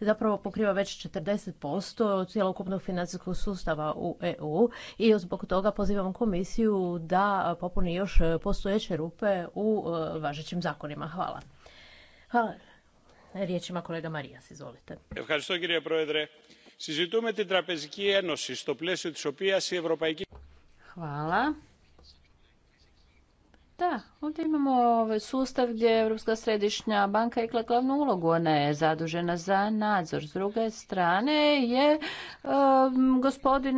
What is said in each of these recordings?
zapravo pokriva već 40% cjelokupnog financijskog sustava u EU i zbog toga pozivamo komisiju da popuni još postojeće rupe u e, važećim zakonima. Hvala. Hvala. Riječ ima kolega Marijas, izvolite. Hvala. Da, ovdje imamo ovaj sustav gdje Europska središnja banka je glavnu ulogu, ona je zadužena za nadzor. S druge strane je gospodin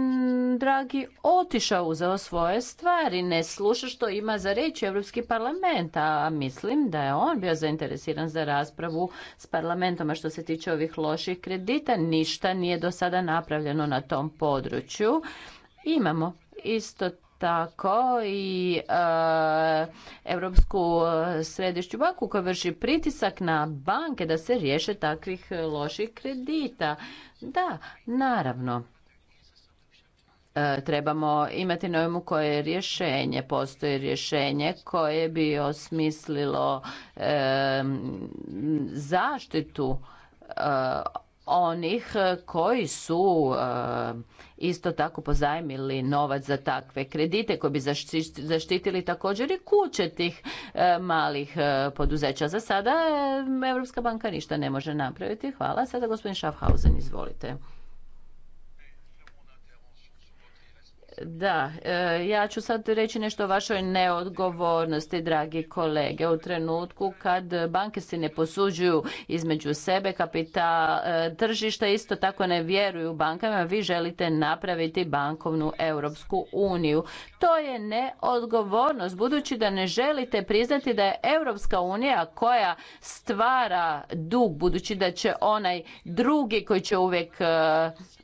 Dragi otišao, uzeo svoje stvari, ne sluša što ima za reći Europski parlament, a mislim da je on bio zainteresiran za raspravu s parlamentom, a što se tiče ovih loših kredita, ništa nije do sada napravljeno na tom području. Imamo isto tako i e, Europsku središću banku koja vrši pritisak na banke da se riješe takvih loših kredita. Da, naravno. E, trebamo imati na umu koje rješenje. Postoji rješenje koje bi osmislilo e, zaštitu e, onih e, koji su e, isto tako pozajmili novac za takve kredite koji bi zaštitili također i kuće tih e, malih poduzeća. Za sada Europska banka ništa ne može napraviti. Hvala. Sada gospodin Schaffhausen, izvolite. Da, e, ja ću sad reći nešto o vašoj neodgovornosti, dragi kolege. U trenutku kad banke se ne posuđuju između sebe, kapital e, tržišta isto tako ne vjeruju bankama, vi želite napraviti bankovnu Europsku uniju. To je neodgovornost, budući da ne želite priznati da je Europska unija koja stvara dug, budući da će onaj drugi koji će uvijek e,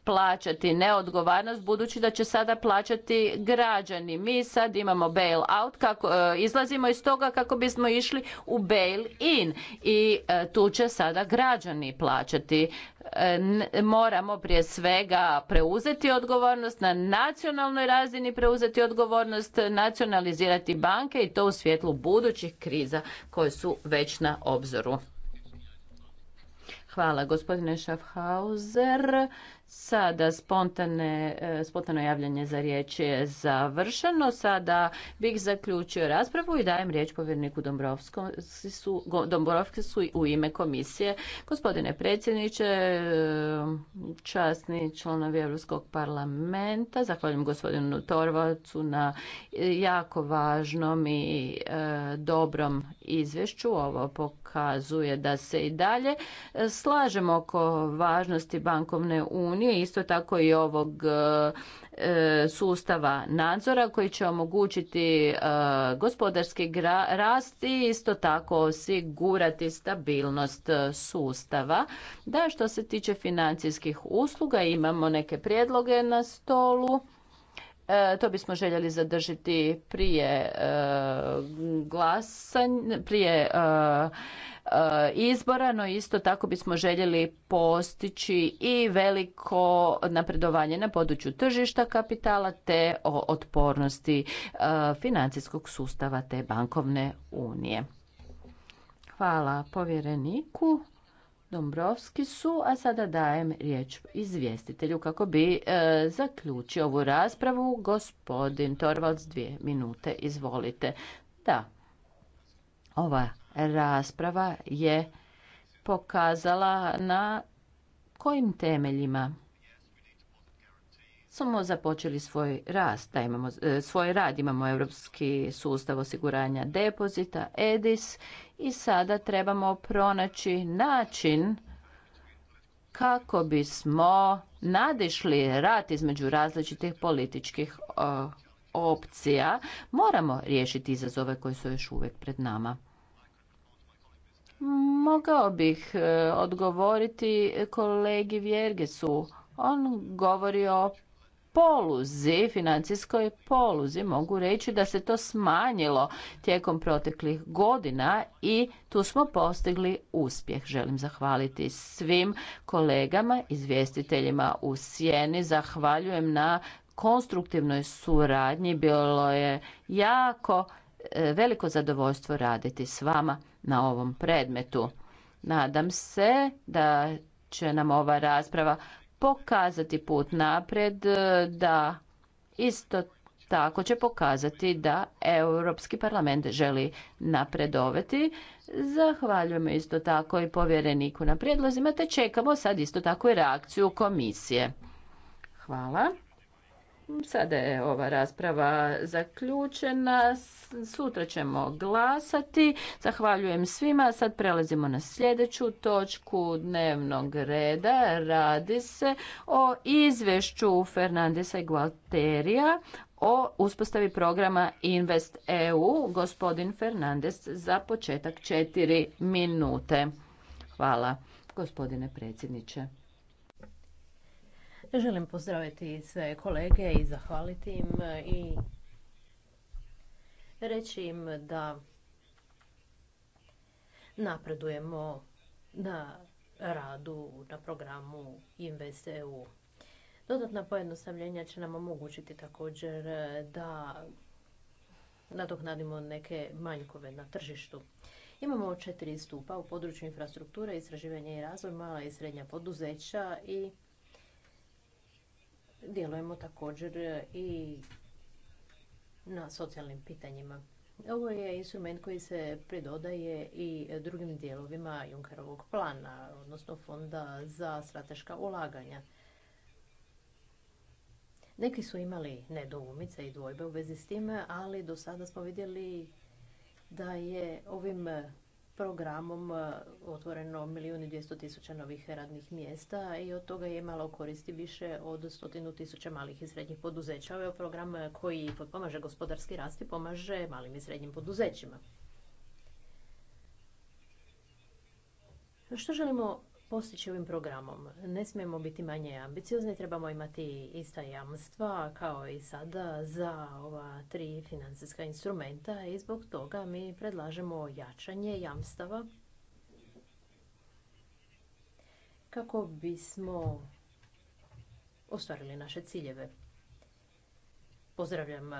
plaćati neodgovornost, budući da će sada plaćati plaćati građani. Mi sad imamo bail out, kako, e, izlazimo iz toga kako bismo išli u bail in i e, tu će sada građani plaćati e, moramo prije svega preuzeti odgovornost na nacionalnoj razini, preuzeti odgovornost, nacionalizirati banke i to u svjetlu budućih kriza koje su već na obzoru. Hvala gospodine Schaffhauser. Sada spontane, e, spontano javljanje za riječ je završeno. Sada bih zaključio raspravu i dajem riječ povjerniku su u ime komisije. Gospodine predsjedniče, e, časni članovi Europskog parlamenta, zahvaljujem gospodinu Torvacu na jako važnom i e, dobrom izvješću. Ovo pokazuje da se i dalje slažemo oko važnosti bankovne unije unije, isto tako i ovog e, e, sustava nadzora koji će omogućiti e, gospodarski rast i isto tako osigurati stabilnost sustava. Da, što se tiče financijskih usluga imamo neke prijedloge na stolu. to bismo željeli zadržati prije e, glasanja, prije izbora, no isto tako bismo željeli postići i veliko napredovanje na području tržišta kapitala te o otpornosti e, financijskog sustava te bankovne unije. Hvala povjereniku Dombrovski su, a sada dajem riječ izvjestitelju kako bi e, zaključio ovu raspravu. Gospodin Torvalds, dvije minute, izvolite. Da, ova rasprava je pokazala na kojim temeljima smo započeli svoj rast, e, svoj rad, imamo europski sustav osiguranja depozita, EDIS i sada trebamo pronaći način kako bismo nadišli rat između različitih političkih e, opcija. Moramo riješiti izazove koji su još uvijek pred nama. Mogao bih e, odgovoriti kolegi Vjergesu. On govori o poluzi, financijskoj poluzi. Mogu reći da se to smanjilo tijekom proteklih godina i tu smo postigli uspjeh. Želim zahvaliti svim kolegama, izvjestiteljima u Sjeni. Zahvaljujem na konstruktivnoj suradnji. Bilo je jako veliko zadovoljstvo raditi s vama na ovom predmetu. Nadam se da će nam ova rasprava pokazati put napred, e, da isto tako će pokazati da Europski parlament želi napredovati. Zahvaljujemo isto tako i povjereniku na prijedlozima, te čekamo sad isto tako i reakciju komisije. Hvala. Sada je ova rasprava zaključena. Sutra ćemo glasati. Zahvaljujem svima. Sad prelazimo na sljedeću točku dnevnog reda. Radi se o izvješću Fernandesa i Gualterija o uspostavi programa Invest EU. Gospodin Fernandes za početak četiri minute. Hvala gospodine predsjedniče. Želim pozdraviti sve kolege i zahvaliti im e, i reći im da napredujemo na radu na programu InvestEU. Dodatna pojednostavljenja će nam omogućiti također e, da nadoknadimo neke manjkove na tržištu. Imamo četiri stupa u području infrastrukture, istraživanja i razvoj, mala i srednja poduzeća i djelujemo također e, i na socijalnim pitanjima. Ovo je instrument koji se pridodaje i drugim dijelovima Junkerovog plana, odnosno Fonda za strateška ulaganja. Neki su imali nedoumice i dvojbe u vezi s time, ali do sada smo vidjeli da je ovim programom e, otvoreno milijun i dvjesto tisuća novih radnih mjesta i od toga je imalo koristi više od stotinu tisuća malih i srednjih poduzeća. Ovo je program e, koji pomaže gospodarski rast i pomaže malim i srednjim poduzećima. Što želimo postići ovim programom. Ne smijemo biti manje ambiciozni, trebamo imati ista jamstva kao i sada za ova tri financijska instrumenta i zbog toga mi predlažemo jačanje jamstava kako bismo ostvarili naše ciljeve. Pozdravljam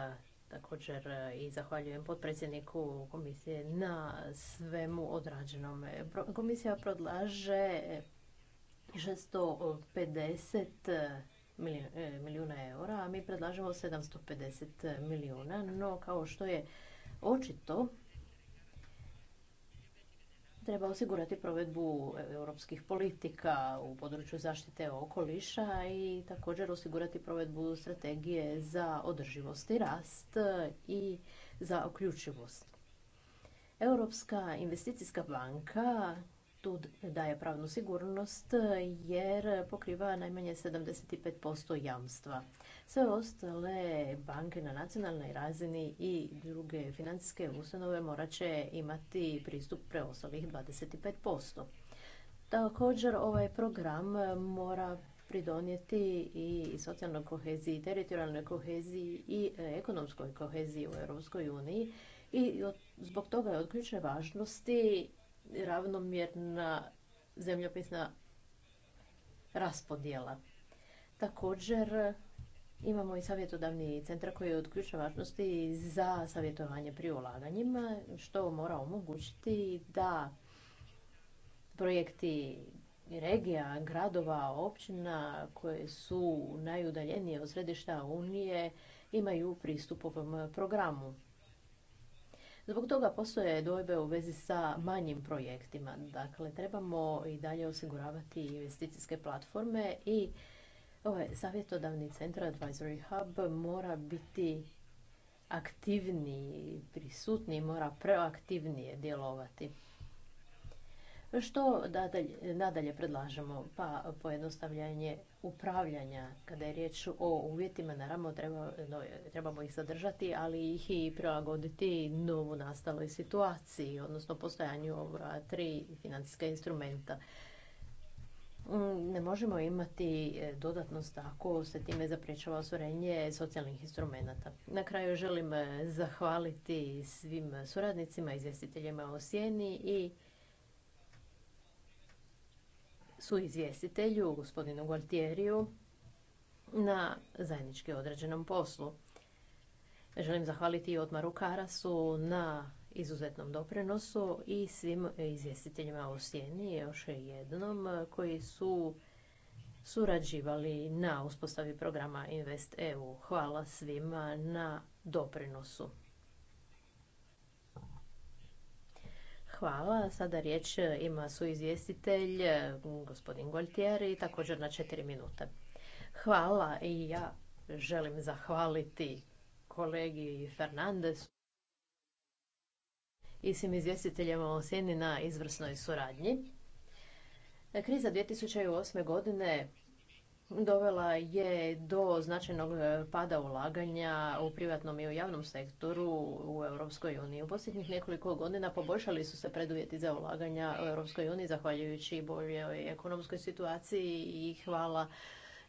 Također e, i zahvaljujem potpredsjedniku komisije na svemu odrađenom. Komisija predlaže 650 e, e, milijuna eura, a mi predlažemo 750 milijuna, no kao što je očito treba osigurati provedbu europskih politika u području zaštite okoliša i također osigurati provedbu strategije za održivost i rast i za uključivost. Europska investicijska banka tu daje pravnu sigurnost jer pokriva najmanje 75% jamstva. Sve ostale banke na nacionalnoj razini i druge financijske ustanove morat će imati pristup preostalih 25%. Također ovaj program mora pridonijeti i socijalnoj koheziji, teritorijalnoj koheziji i ekonomskoj koheziji u Europskoj uniji i zbog toga je od ključne važnosti ravnomjerna zemljopisna raspodjela. Također imamo i savjetodavni centar koji je od ključne važnosti za savjetovanje pri ulaganjima, što mora omogućiti da projekti regija, gradova, općina koje su najudaljenije od središta Unije imaju pristup ovom programu. Zbog toga postoje dojbe u vezi sa manjim projektima. Dakle, trebamo i dalje osiguravati investicijske platforme i ovaj savjetodavni centar Advisory Hub mora biti aktivniji, prisutniji, mora proaktivnije djelovati. Što nadalje, predlažemo? Pa pojednostavljanje upravljanja kada je riječ o uvjetima, naravno trebamo ih zadržati, ali ih i prilagoditi novu nastaloj situaciji, odnosno postojanju ova tri financijska instrumenta. Ne možemo imati dodatnost ako se time zapriječava osvorenje socijalnih instrumenata. Na kraju želim zahvaliti svim suradnicima, izvjestiteljima o sjeni i su izvjestitelju, gospodinu Gualtieriju, na zajednički određenom poslu. Želim zahvaliti i Otmaru Karasu na izuzetnom doprinosu i svim izvjestiteljima u Sjeni još jednom koji su surađivali na uspostavi programa Invest EU. Hvala svima na doprinosu. Hvala. Sada riječ e, ima su izvjestitelj e, gospodin i također na četiri minute. Hvala i ja želim zahvaliti kolegi Fernandesu i svim izvjestiteljima o sjeni na izvrsnoj suradnji. Kriza 2008. godine dovela je do značajnog e, pada ulaganja u privatnom i u javnom sektoru u Europskoj uniji. U posljednjih nekoliko godina poboljšali su se preduvjeti za ulaganja u Europskoj uniji zahvaljujući boljoj ekonomskoj situaciji i hvala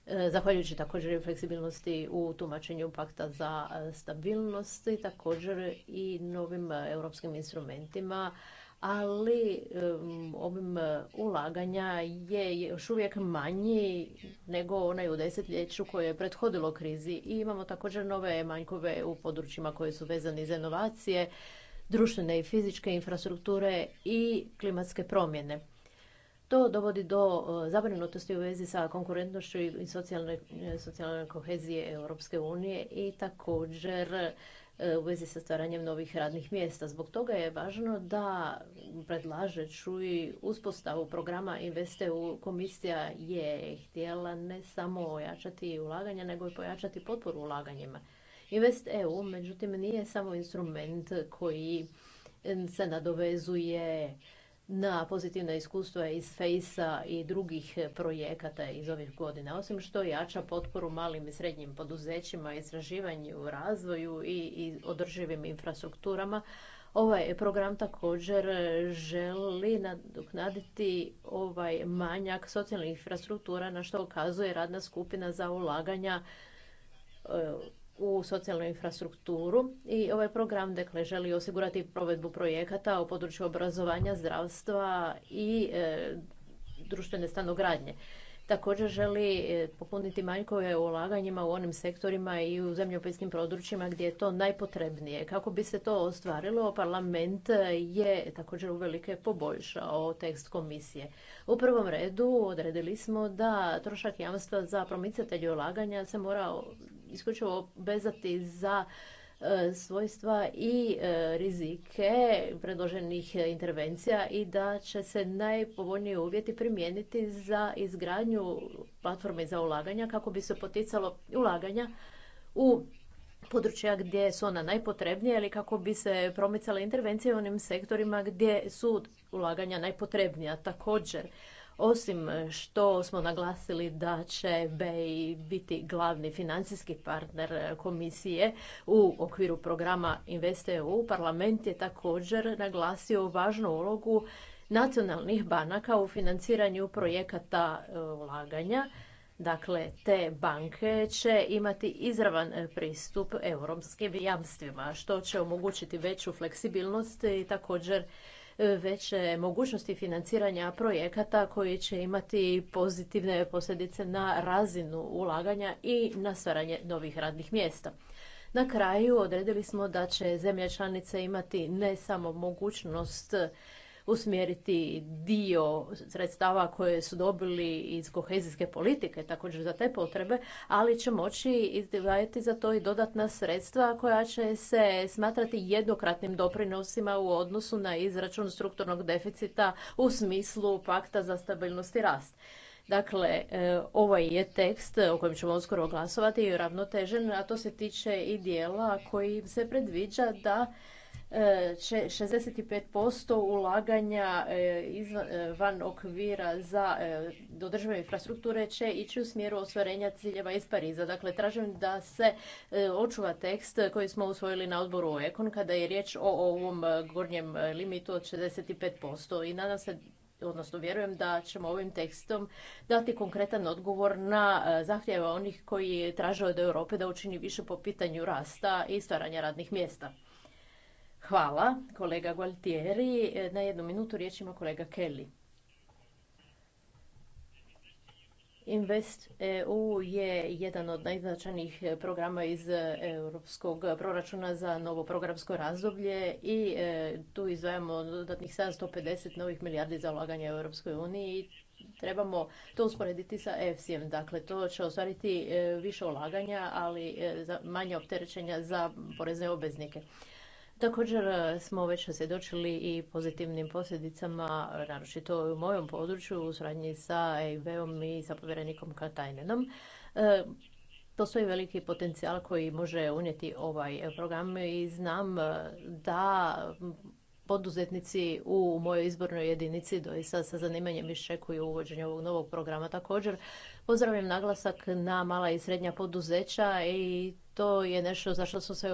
e, Zahvaljujući također i fleksibilnosti u tumačenju pakta za e, stabilnost i također i novim europskim instrumentima ali obim e, ulaganja je još uvijek manji nego onaj u desetljeću koje je prethodilo krizi i imamo također nove manjkove u područjima koje su vezani za inovacije, društvene i fizičke infrastrukture i klimatske promjene. To dovodi do e, zabrinutosti u vezi sa konkurentnošću i socijalne, e, socijalne kohezije Europske unije i također E, u vezi sa stvaranjem novih radnih mjesta. Zbog toga je važno da predlažeću i uspostavu programa InvestEU komisija je htjela ne samo ojačati ulaganja, nego i pojačati potporu ulaganjima. InvestEU, međutim, nije samo instrument koji se nadovezuje na pozitivna iskustva iz face i drugih projekata iz ovih godina. Osim što jača potporu malim i srednjim poduzećima, istraživanju, razvoju i, održivim infrastrukturama, Ovaj program također želi nadoknaditi ovaj manjak socijalnih infrastruktura na što ukazuje radna skupina za ulaganja e, u socijalnu infrastrukturu i ovaj program dakle, želi osigurati provedbu projekata u području obrazovanja, zdravstva i e, društvene stanogradnje također želi e, popuniti manjkove ulaganjima u onim sektorima i u zemljopisnim područjima gdje je to najpotrebnije. Kako bi se to ostvarilo, parlament je također uvelike poboljšao tekst komisije. U prvom redu odredili smo da trošak jamstva za promicatelje ulaganja se mora isključivo bezati za E, svojstva i e, rizike predloženih e, intervencija i da će se najpovoljniji uvjeti primijeniti za izgradnju platforme za ulaganja kako bi se poticalo ulaganja u područja gdje su ona najpotrebnija ili kako bi se promicale intervencije u onim sektorima gdje su ulaganja najpotrebnija. Također, osim e, što smo naglasili da će BEI biti glavni financijski partner e, komisije u okviru programa InvestEU, parlament je također naglasio važnu ulogu nacionalnih banaka u financiranju projekata e, ulaganja. Dakle, te banke će imati izravan pristup europskim jamstvima, što će omogućiti veću fleksibilnost i također veće mogućnosti financiranja projekata koji će imati pozitivne posljedice na razinu ulaganja i na stvaranje novih radnih mjesta. Na kraju odredili smo da će zemlje članice imati ne samo mogućnost usmjeriti dio sredstava koje su dobili iz kohezijske politike također za te potrebe, ali će moći izdvajati za to i dodatna sredstva koja će se smatrati jednokratnim doprinosima u odnosu na izračun strukturnog deficita u smislu pakta za stabilnost i rast. Dakle, e, ovaj je tekst o kojem ćemo uskoro glasovati i ravnotežen, a to se tiče i dijela koji se predviđa da 65% e, ulaganja e, e, van okvira za održive infrastrukture će ići u smjeru ostvarenja ciljeva iz Pariza. Dakle, tražim da se očuva tekst koji smo usvojili na odboru Ekon kada je riječ o ovom gornjem limitu od 65% i nadam se odnosno vjerujem da ćemo ovim tekstom dati konkretan odgovor na zahtjeve onih koji traže od Europe da učini više po pitanju rasta i stvaranja radnih mjesta. Hvala, kolega Gualtieri. E, na jednu minutu riječ ima kolega Kelly. Invest EU je jedan od najznačajnijih programa iz e, europskog proračuna za novo programsko razdoblje i e, tu izdvajamo dodatnih 750 novih milijardi za ulaganje u Europskoj uniji. Trebamo to usporediti sa efsi Dakle, to će ostvariti više ulaganja, ali manje opterećenja za porezne obveznike. Također e, smo već svjedočili i pozitivnim posljedicama, naročito u mojom području, u suradnji sa EIB-om i sa povjerenikom Katajnenom. E, postoji veliki potencijal koji može unijeti ovaj program i znam e, da poduzetnici u mojoj izbornoj jedinici doista sa zanimanjem iščekuju uvođenje ovog novog programa. Također pozdravljam naglasak na mala i srednja poduzeća i to je nešto za što smo se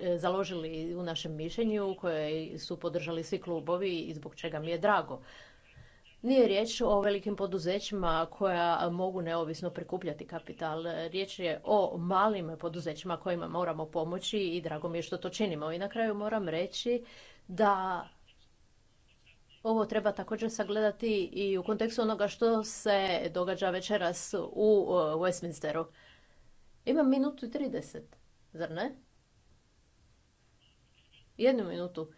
e, založili u našem mišljenju koje su podržali svi klubovi i zbog čega mi je drago. Nije riječ o velikim poduzećima koja mogu neovisno prikupljati kapital. Riječ je o malim poduzećima kojima moramo pomoći i drago mi je što to činimo. I na kraju moram reći da ovo treba također sagledati i u kontekstu onoga što se događa večeras u e, Westminsteru. Imam minutu i 30, zar ne? Jednu minutu.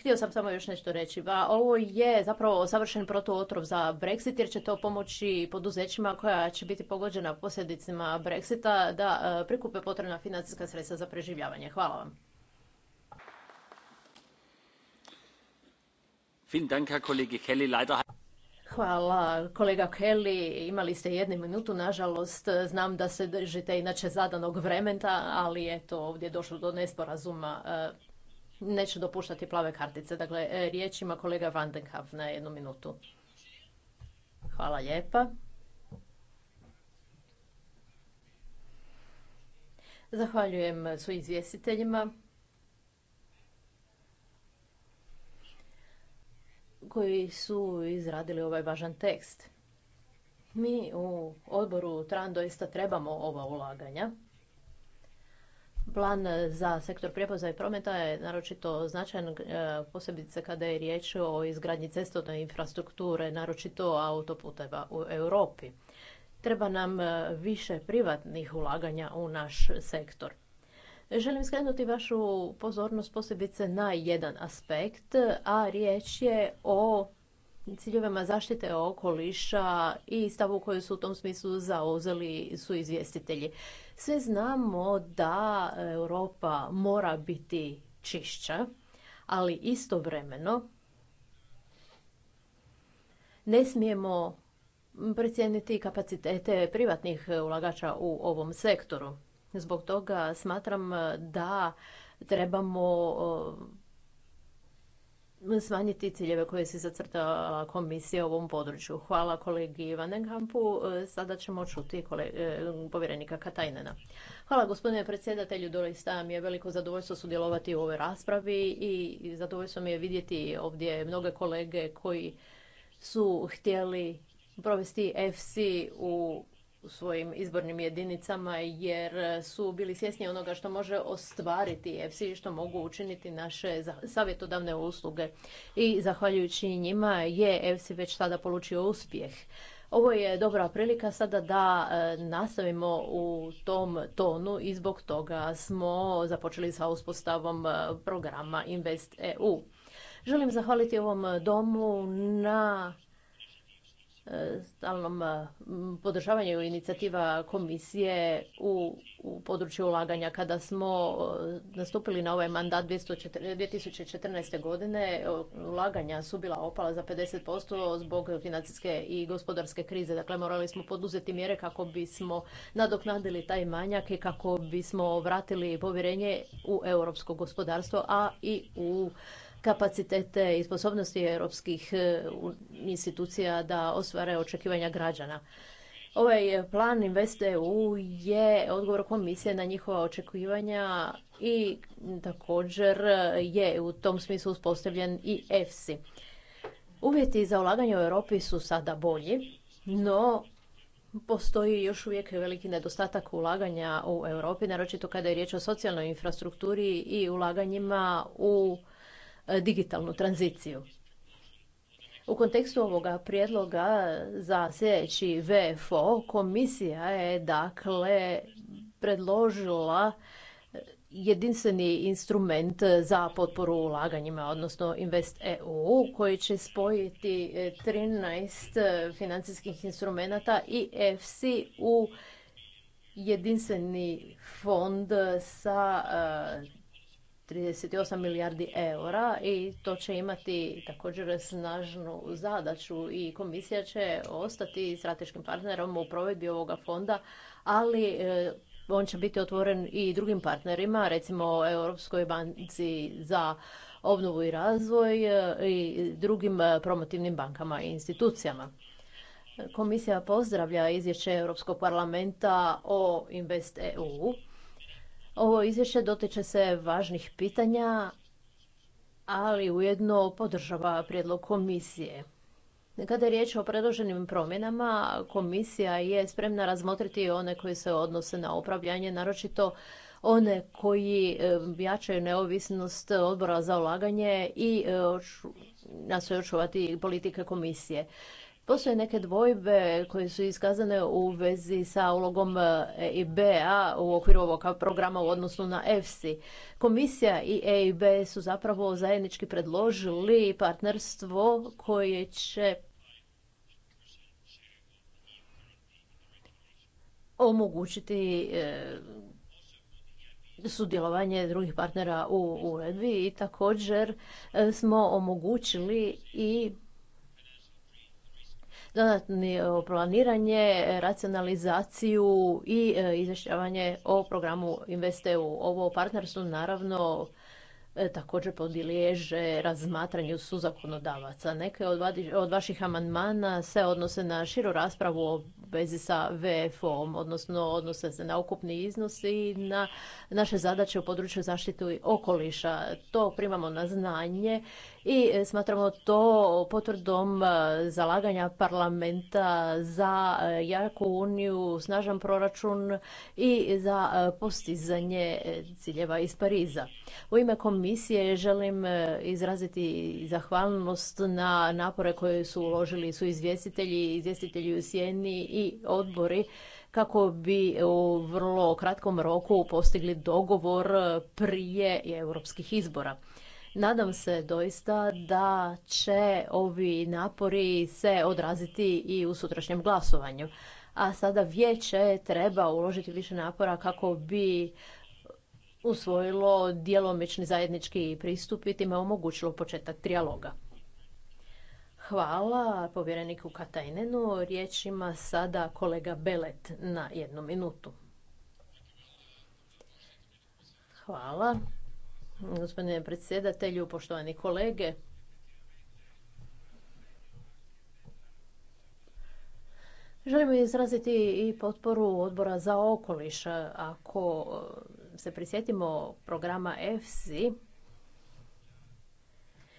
Htio sam samo još nešto reći. ovo je zapravo savršen protuotrov za Brexit jer će to pomoći poduzećima koja će biti pogođena posljedicima Brexita da e, prikupe potrebna financijska sredstva za preživljavanje. Hvala vam. Vielen Dank, Herr Kollege Kelly. Leider Hvala. Kolega Kelly, imali ste jednu minutu. Nažalost, znam da se držite inače zadanog vremena, ali eto, ovdje je došlo do nesporazuma. E, neću dopuštati plave kartice. Dakle, e, riječ ima kolega Vandenhav na jednu minutu. Hvala lijepa. Zahvaljujem su izvjestiteljima. koji su izradili ovaj važan tekst. Mi u odboru TRAN doista trebamo ova ulaganja. Plan za sektor prijevoza i prometa je naročito značajan, e, posebice kada je riječ o izgradnji cestovne infrastrukture, naročito autoputeva u Europi. Treba nam e, više privatnih ulaganja u naš sektor. Želim skrenuti vašu pozornost posebice na jedan aspekt, a riječ je o ciljevima zaštite okoliša i stavu koju su u tom smislu zauzeli su izvjestitelji. Sve znamo da Europa mora biti čišća, ali istovremeno ne smijemo precijeniti kapacitete privatnih ulagača u ovom sektoru. Zbog toga smatram e, da trebamo e, smanjiti ciljeve koje se zacrtala komisija u ovom području. Hvala kolegi Vandenkampu. E, sada ćemo čuti povjerenika Katajnena. Hvala gospodine predsjedatelju, doista mi je veliko zadovoljstvo sudjelovati u ovoj raspravi i zadovoljstvo mi je vidjeti ovdje mnoge kolege koji su htjeli provesti FC u u svojim izbornim jedinicama jer su bili svjesni onoga što može ostvariti EFSI, što mogu učiniti naše savjetodavne usluge. I zahvaljujući njima je EFSI već sada polučio uspjeh. Ovo je dobra prilika sada da e, nastavimo u tom tonu i zbog toga smo započeli sa uspostavom e, programa Invest EU. Želim zahvaliti ovom domu na E, stalnom e, podržavanju inicijativa komisije u, području ulaganja. Kada smo e, nastupili na ovaj mandat 2014. godine, ulaganja su bila opala za 50% zbog financijske i gospodarske krize. Dakle, morali smo poduzeti mjere kako bismo nadoknadili taj manjak i kako bismo vratili povjerenje u europsko gospodarstvo, a i u kapacitete i sposobnosti europskih e, institucija da ostvare očekivanja građana. Ovaj plan InvestEU je odgovor komisije na njihova očekivanja i također je u tom smislu uspostavljen i EFSI. Uvjeti za ulaganje u Europi su sada bolji, no postoji još uvijek veliki nedostatak ulaganja u Europi, naročito kada je riječ o socijalnoj infrastrukturi i ulaganjima u E, digitalnu tranziciju. U kontekstu ovoga prijedloga za sljedeći VFO komisija je dakle predložila jedinstveni instrument za potporu ulaganjima, odnosno Invest EU, koji će spojiti 13 e, financijskih instrumenata i EFSI u jedinstveni fond sa e, 38 milijardi eura i to će imati također snažnu zadaću i komisija će ostati strateškim partnerom u provedbi ovoga fonda, ali e, on će biti otvoren i drugim partnerima, recimo Europskoj banci za obnovu i razvoj e, i drugim e, promotivnim bankama i institucijama. Komisija pozdravlja izvješće Europskog parlamenta o Invest EU ovo izvješće dotiče se važnih pitanja, ali ujedno podržava prijedlog komisije. Kada je riječ o predloženim promjenama, komisija je spremna razmotriti one koji se odnose na upravljanje, naročito one koji e, jačaju neovisnost odbora za ulaganje i e, nastoje očuvati politike komisije. Postoje neke dvojbe koje su iskazane u vezi sa ulogom EIB-a u okviru ovog programa u odnosu na EFSI. Komisija i EIB su zapravo zajednički predložili partnerstvo koje će omogućiti e, sudjelovanje drugih partnera u uredbi i također e, smo omogućili i dodatni e, planiranje, racionalizaciju i e, izvješćavanje o programu InvestEU. Ovo partnerstvo naravno e, također podilježe razmatranju suzakonodavaca. Neke od vaših amandmana se odnose na širu raspravu o vezi sa VFO-om, odnosno odnose se na ukupni iznos i na naše zadaće u području zaštite okoliša. To primamo na znanje i e, smatramo to potvrdom e, zalaganja parlamenta za e, jaku uniju, snažan proračun i za postizanje ciljeva iz Pariza. U ime komisije želim izraziti zahvalnost na napore koje su uložili su izvjestitelji, izvjestitelji u sjeni i odbori kako bi u vrlo kratkom roku postigli dogovor prije europskih izbora. Nadam se doista da će ovi napori se odraziti i u sutrašnjem glasovanju. A sada vijeće treba uložiti više napora kako bi usvojilo djelomični zajednički pristup i time omogućilo početak trijaloga. Hvala povjereniku Katajnenu. Riječ ima sada kolega Belet na jednu minutu. Hvala. Gospodine predsjedatelju, poštovani kolege. Želim izraziti i potporu odbora za okoliš. Ako se prisjetimo programa EFSI,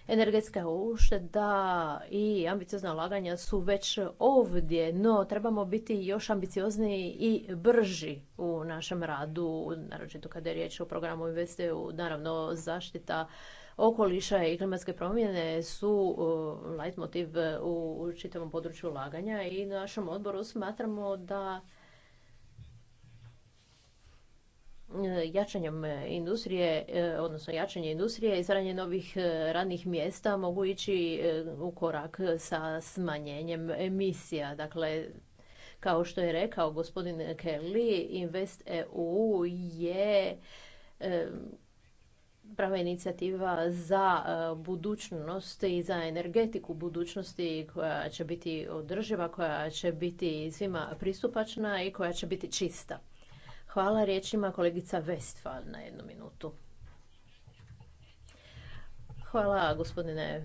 energetska ušteda i ambiciozna ulaganja su već ovdje, no trebamo biti još ambiciozniji i brži u našem radu, naročito kada je riječ o programu investiju, naravno zaštita okoliša i klimatske promjene su uh, leitmotiv u čitavom području ulaganja i na našem odboru smatramo da E, jačanjem industrije, e, odnosno jačanje industrije i stvaranje novih e, radnih mjesta mogu ići u korak sa smanjenjem emisija. Dakle, kao što je rekao gospodin Kelly, Invest EU je prava inicijativa za budućnost i za energetiku budućnosti koja će biti održiva, koja će biti svima pristupačna i koja će biti čista. Hvala riječima kolegica Westphal na jednu minutu. Hvala gospodine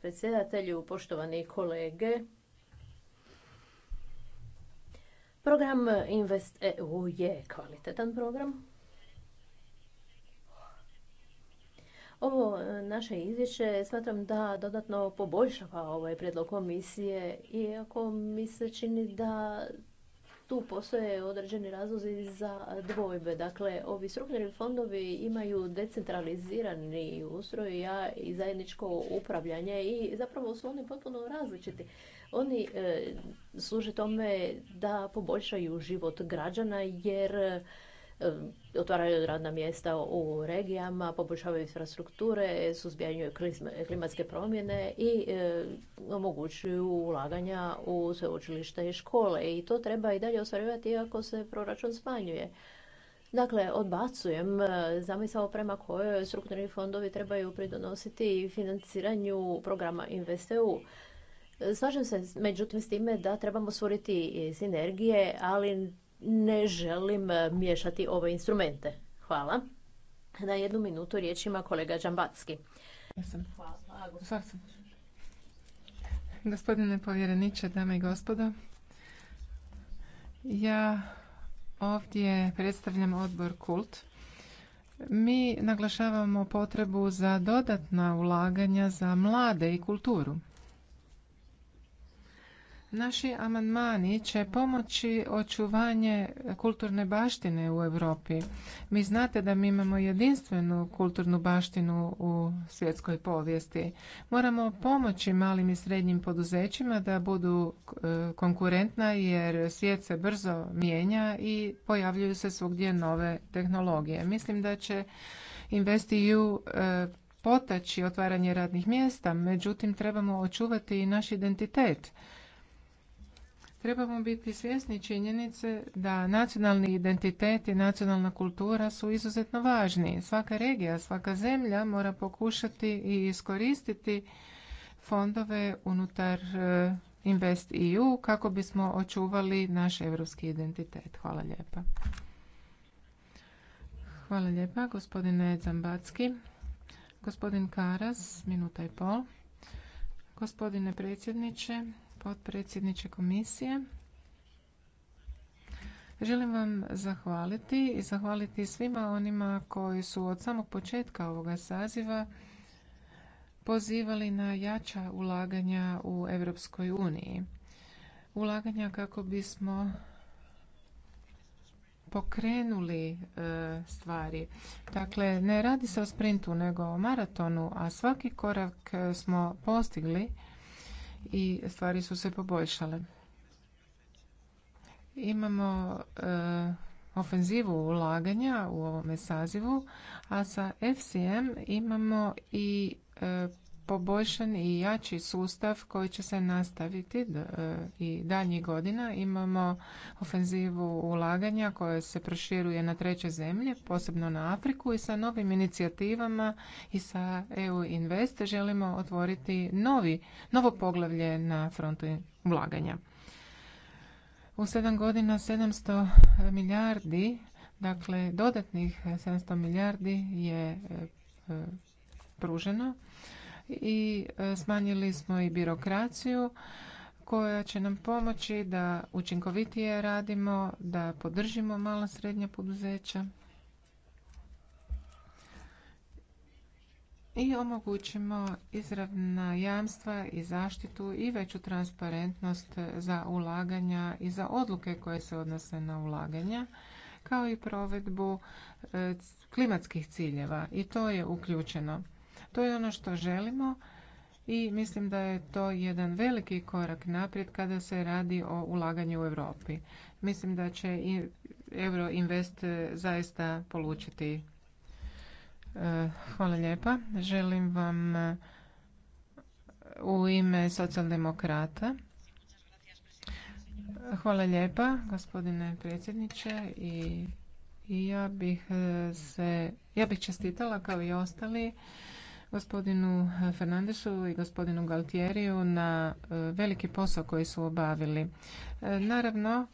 predsjedatelju, poštovani kolege. Program Invest EU je kvalitetan program. Ovo naše izvješće smatram da dodatno poboljšava ovaj predlog komisije, iako mi se čini da tu postoje određeni razlozi za dvojbe. Dakle, ovi strukturni fondovi imaju decentralizirani ustroj i zajedničko upravljanje i zapravo su oni potpuno različiti. Oni e, služe tome da poboljšaju život građana jer E, otvaraju radna mjesta u regijama, poboljšavaju infrastrukture, suzbijanju klimatske promjene i e, omogućuju ulaganja u sveučilište i škole. I to treba i dalje ostvarivati ako se proračun smanjuje. Dakle, odbacujem e, zamisao prema kojoj strukturni fondovi trebaju pridonositi financiranju programa InvestEU. Slažem se međutim s time da trebamo stvoriti sinergije, ali ne želim e, miješati ove instrumente. Hvala. Na jednu minutu riječ ima kolega Đambatski. Hvala. Gospodine povjereniče, dame i gospodo, ja ovdje predstavljam odbor Kult. Mi naglašavamo potrebu za dodatna ulaganja za mlade i kulturu. Naši amandmani će pomoći očuvanje kulturne baštine u Europi. Mi znate da mi imamo jedinstvenu kulturnu baštinu u svjetskoj povijesti. Moramo pomoći malim i srednjim poduzećima da budu e, konkurentna jer svijet se brzo mijenja i pojavljuju se svugdje nove tehnologije. Mislim da će InvestEU e, potaći otvaranje radnih mjesta, međutim trebamo očuvati i naš identitet trebamo biti svjesni činjenice da nacionalni identitet i nacionalna kultura su izuzetno važni. Svaka regija, svaka zemlja mora pokušati i iskoristiti fondove unutar eh, Invest EU kako bismo očuvali naš europski identitet. Hvala lijepa. Hvala lijepa, gospodine Zambacki. Gospodin Karas, minuta i pol. Gospodine predsjedniče, potpredsjedniče komisije. Želim vam zahvaliti i zahvaliti svima onima koji su od samog početka ovoga saziva pozivali na jača ulaganja u Europskoj uniji. Ulaganja kako bismo pokrenuli e, stvari. Dakle, ne radi se o sprintu nego o maratonu, a svaki korak e, smo postigli i stvari su se poboljšale. Imamo e, ofenzivu ulaganja u ovome sazivu, a sa FCM imamo i e, poboljšan i jači sustav koji će se nastaviti e, i daljnjih godina. Imamo ofenzivu ulaganja koja se proširuje na treće zemlje, posebno na Afriku i sa novim inicijativama i sa EU Invest želimo otvoriti novi, novo poglavlje na frontu ulaganja. U sedam godina 700 milijardi, dakle dodatnih 700 milijardi je e, e, pruženo i e, smanjili smo i birokraciju koja će nam pomoći da učinkovitije radimo, da podržimo mala srednja poduzeća i omogućimo izravna jamstva i zaštitu i veću transparentnost za ulaganja i za odluke koje se odnose na ulaganja kao i provedbu e, klimatskih ciljeva i to je uključeno. To je ono što želimo i mislim da je to jedan veliki korak naprijed kada se radi o ulaganju u Europi. Mislim da će Euroinvest e, zaista polučiti. E, hvala lijepa. Želim vam e, u ime socijaldemokrata. Hvala lijepa gospodine predsjedniče i ja bih se, ja bih čestitala kao i ostali gospodinu eh, Fernandesu i gospodinu Galtieriju na eh, veliki posao koji su obavili. Eh, naravno,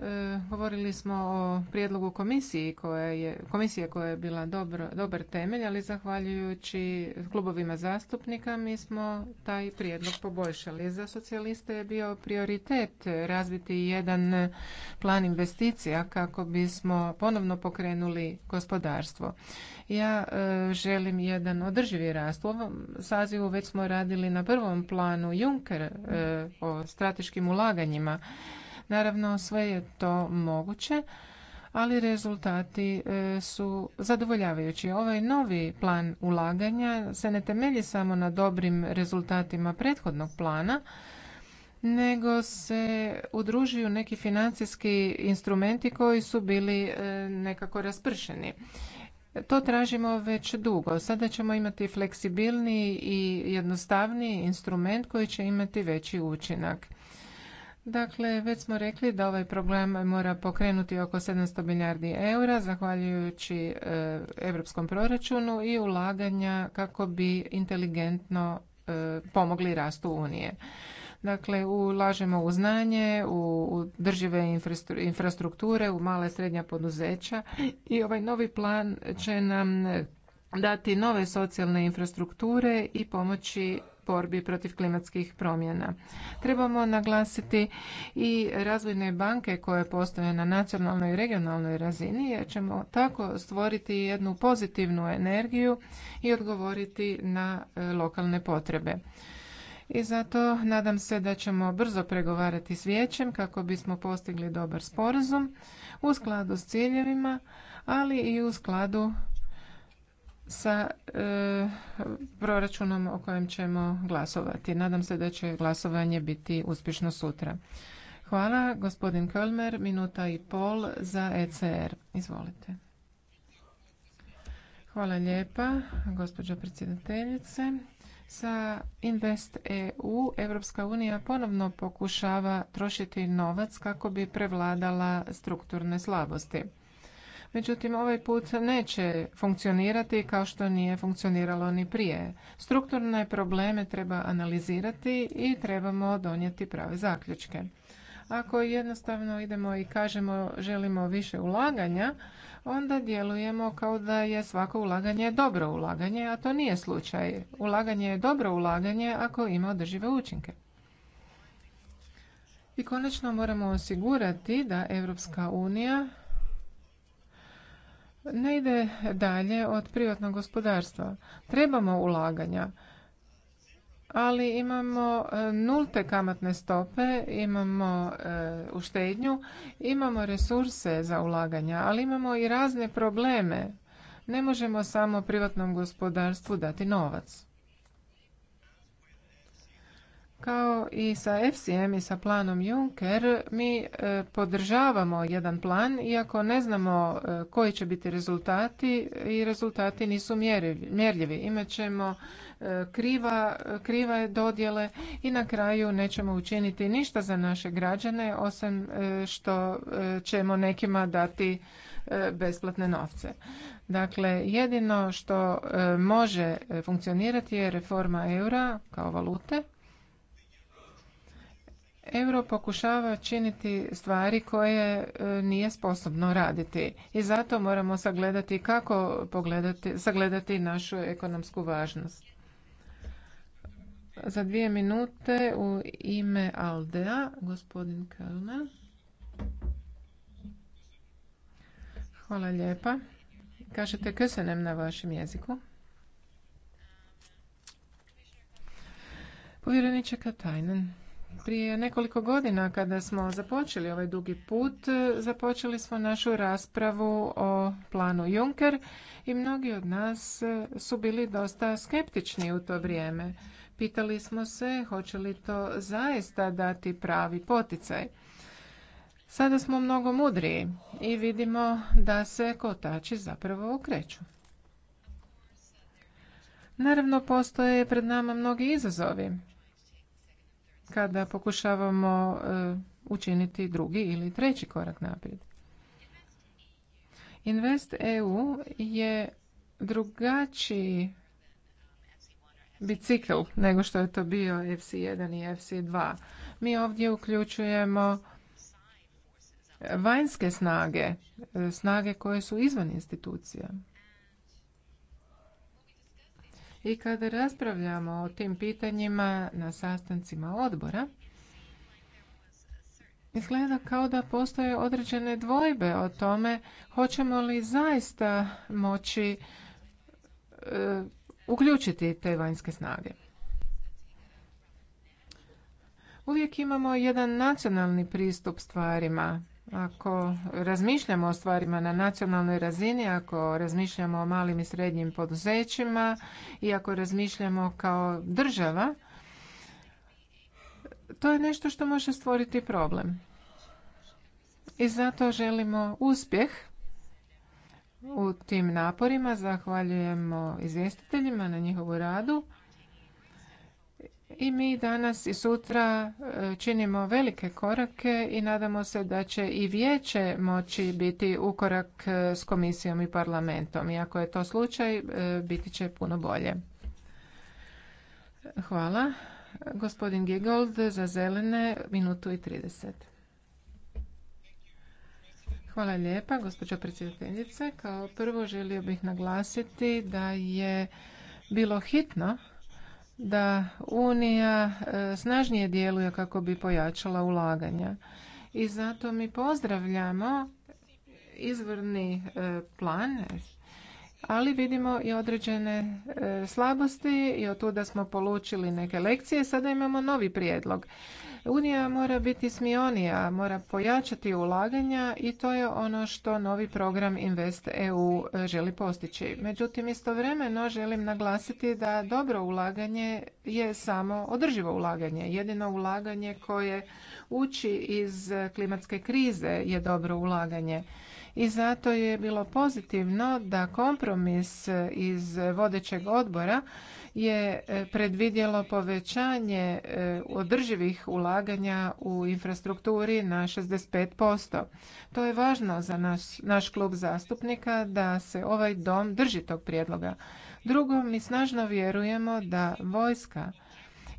E, govorili smo o prijedlogu komisije koja je, komisije koja je bila dobro, dobar temelj, ali zahvaljujući klubovima zastupnika mi smo taj prijedlog poboljšali. Za socijaliste je bio prioritet razviti jedan plan investicija kako bismo ponovno pokrenuli gospodarstvo. Ja e, želim jedan održivi rast. U ovom sazivu već smo radili na prvom planu Juncker e, o strateškim ulaganjima Naravno, sve je to moguće, ali rezultati e, su zadovoljavajući. Ovaj novi plan ulaganja se ne temelji samo na dobrim rezultatima prethodnog plana, nego se udružuju neki financijski instrumenti koji su bili e, nekako raspršeni. To tražimo već dugo. Sada ćemo imati fleksibilniji i jednostavniji instrument koji će imati veći učinak. Dakle, već smo rekli da ovaj problem mora pokrenuti oko 700 milijardi eura zahvaljujući europskom proračunu i ulaganja kako bi inteligentno e, pomogli rastu Unije. Dakle, ulažemo u znanje, u držive infrastrukture, u male i srednja poduzeća i ovaj novi plan će nam dati nove socijalne infrastrukture i pomoći borbi protiv klimatskih promjena. Trebamo naglasiti i razvojne banke koje postoje na nacionalnoj i regionalnoj razini jer ćemo tako stvoriti jednu pozitivnu energiju i odgovoriti na e, lokalne potrebe. I zato nadam se da ćemo brzo pregovarati s vijećem kako bismo postigli dobar sporazum u skladu s ciljevima, ali i u skladu sa e, proračunom o kojem ćemo glasovati. Nadam se da će glasovanje biti uspješno sutra. Hvala. Gospodin Kölmer, minuta i pol za ECR. Izvolite. Hvala lijepa, gospođo predsjedateljice. Sa Invest EU Europska unija ponovno pokušava trošiti novac kako bi prevladala strukturne slabosti. Međutim, ovaj put neće funkcionirati kao što nije funkcioniralo ni prije. Strukturne probleme treba analizirati i trebamo donijeti prave zaključke. Ako jednostavno idemo i kažemo želimo više ulaganja, onda djelujemo kao da je svako ulaganje dobro ulaganje, a to nije slučaj. Ulaganje je dobro ulaganje ako ima održive učinke. I konačno moramo osigurati da Europska unija ne ide dalje od privatnog gospodarstva. Trebamo ulaganja, ali imamo e, nulte kamatne stope, imamo e, uštednju, imamo resurse za ulaganja, ali imamo i razne probleme. Ne možemo samo privatnom gospodarstvu dati novac. Kao i sa FCM i sa planom Juncker, mi e, podržavamo jedan plan, iako ne znamo e, koji će biti rezultati i rezultati nisu mjerljivi. Imaćemo e, kriva, krive dodjele i na kraju nećemo učiniti ništa za naše građane, osim što ćemo nekima dati besplatne novce. Dakle, jedino što može funkcionirati je reforma eura kao valute, Euro pokušava činiti stvari koje e, nije sposobno raditi i zato moramo sagledati kako pogledati, sagledati našu ekonomsku važnost. Za dvije minute u ime Aldea, gospodin Kalna. Hvala lijepa. Kažete kösenem na vašem jeziku. Povjereniče Katajnen. Prije nekoliko godina kada smo započeli ovaj dugi put, započeli smo našu raspravu o planu Juncker i mnogi od nas su bili dosta skeptični u to vrijeme. Pitali smo se hoće li to zaista dati pravi poticaj. Sada smo mnogo mudriji i vidimo da se kotači zapravo okreću. Naravno, postoje pred nama mnogi izazovi kada pokušavamo e, učiniti drugi ili treći korak naprijed. Invest EU je drugačiji bicikl nego što je to bio FC1 i FC2. Mi ovdje uključujemo vanjske snage, e, snage koje su izvan institucija i kada raspravljamo o tim pitanjima na sastancima odbora, Izgleda kao da postoje određene dvojbe o tome hoćemo li zaista moći e, uključiti te vanjske snage. Uvijek imamo jedan nacionalni pristup stvarima ako razmišljamo o stvarima na nacionalnoj razini, ako razmišljamo o malim i srednjim poduzećima i ako razmišljamo kao država, to je nešto što može stvoriti problem. I zato želimo uspjeh u tim naporima. Zahvaljujemo izvjestiteljima na njihovu radu. I mi danas i sutra e, činimo velike korake i nadamo se da će i vijeće moći biti u korak e, s komisijom i parlamentom. I ako je to slučaj, e, biti će puno bolje. Hvala. Gospodin Gigold za zelene, minutu i 30. Hvala lijepa, gospođo predsjedateljice. Kao prvo želio bih naglasiti da je bilo hitno da Unija e, snažnije djeluje kako bi pojačala ulaganja. I zato mi pozdravljamo izvorni e, plan ali vidimo i određene e, slabosti i od tuda smo polučili neke lekcije. Sada imamo novi prijedlog. Unija mora biti smionija, mora pojačati ulaganja i to je ono što novi program Invest EU e, želi postići. Međutim, istovremeno želim naglasiti da dobro ulaganje je samo održivo ulaganje. Jedino ulaganje koje uči iz klimatske krize je dobro ulaganje i zato je bilo pozitivno da kompromis iz vodećeg odbora je e, predvidjelo povećanje e, održivih ulaganja u infrastrukturi na 65%. To je važno za naš, naš klub zastupnika da se ovaj dom drži tog prijedloga. Drugo, mi snažno vjerujemo da vojska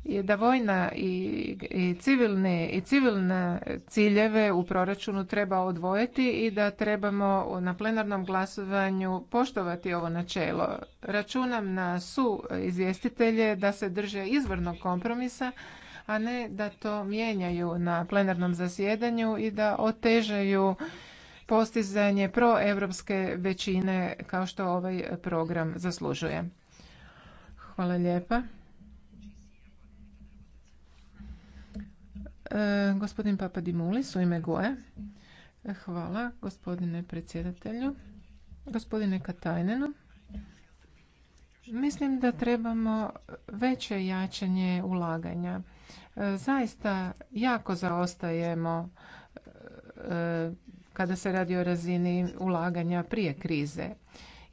je da vojna i, civilne i civilne ciljeve u proračunu treba odvojiti i da trebamo na plenarnom glasovanju poštovati ovo načelo. Računam na su izvjestitelje da se drže izvornog kompromisa, a ne da to mijenjaju na plenarnom zasjedanju i da otežaju postizanje proevropske većine kao što ovaj program zaslužuje. Hvala lijepa. E, gospodin Papadimulis u ime Goje. E, hvala gospodine predsjedatelju. Gospodine Katajnenu. Mislim da trebamo veće jačanje ulaganja. E, zaista jako zaostajemo kada se radi o razini ulaganja prije krize.